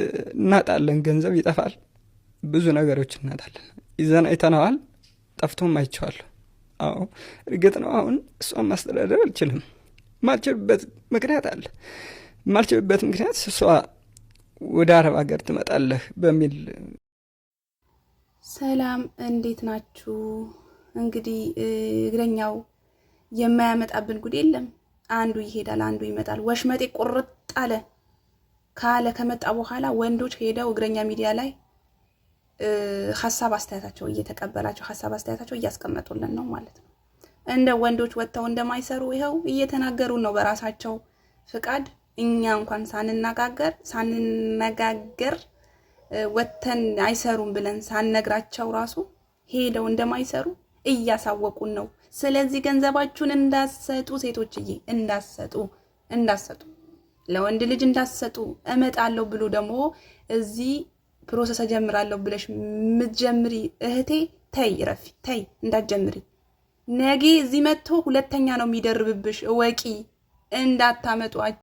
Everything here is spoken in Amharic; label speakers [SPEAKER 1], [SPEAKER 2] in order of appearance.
[SPEAKER 1] እናጣለን፣ ገንዘብ ይጠፋል፣ ብዙ ነገሮች እናጣለን። ይዘን አይተነዋል፣ ጠፍቶም አይቼዋለሁ። አዎ እርግጥ ነው። አሁን እሷን ማስተዳደር አልችልም። ማልችልበት ምክንያት አለ። ማልችልበት ምክንያት እሷ ወደ አረብ ሀገር ትመጣለህ በሚል
[SPEAKER 2] ሰላም፣ እንዴት ናችሁ? እንግዲህ እግረኛው የማያመጣብን ጉድ የለም። አንዱ ይሄዳል፣ አንዱ ይመጣል። ወሽመጤ ቁርጥ አለ። ካለ ከመጣ በኋላ ወንዶች ሄደው እግረኛ ሚዲያ ላይ ሀሳብ አስተያየታቸው እየተቀበላቸው ሀሳብ አስተያየታቸው እያስቀመጡልን ነው ማለት ነው። እንደ ወንዶች ወጥተው እንደማይሰሩ ይኸው እየተናገሩን ነው በራሳቸው ፍቃድ። እኛ እንኳን ሳንነጋገር ሳንነጋገር ወጥተን አይሰሩም ብለን ሳንነግራቸው ራሱ ሄደው እንደማይሰሩ እያሳወቁን ነው። ስለዚህ ገንዘባችሁን እንዳሰጡ ሴቶችዬ፣ እንዳሰጡ እንዳሰጡ ለወንድ ልጅ እንዳትሰጡ እመጣለሁ ብሎ ደግሞ እዚህ ፕሮሰስ እጀምራለሁ ብለሽ ምትጀምሪ እህቴ ተይ ረፊ ተይ እንዳትጀምሪ። ነገ እዚህ መጥቶ ሁለተኛ ነው የሚደርብብሽ እወቂ። እንዳታመጧ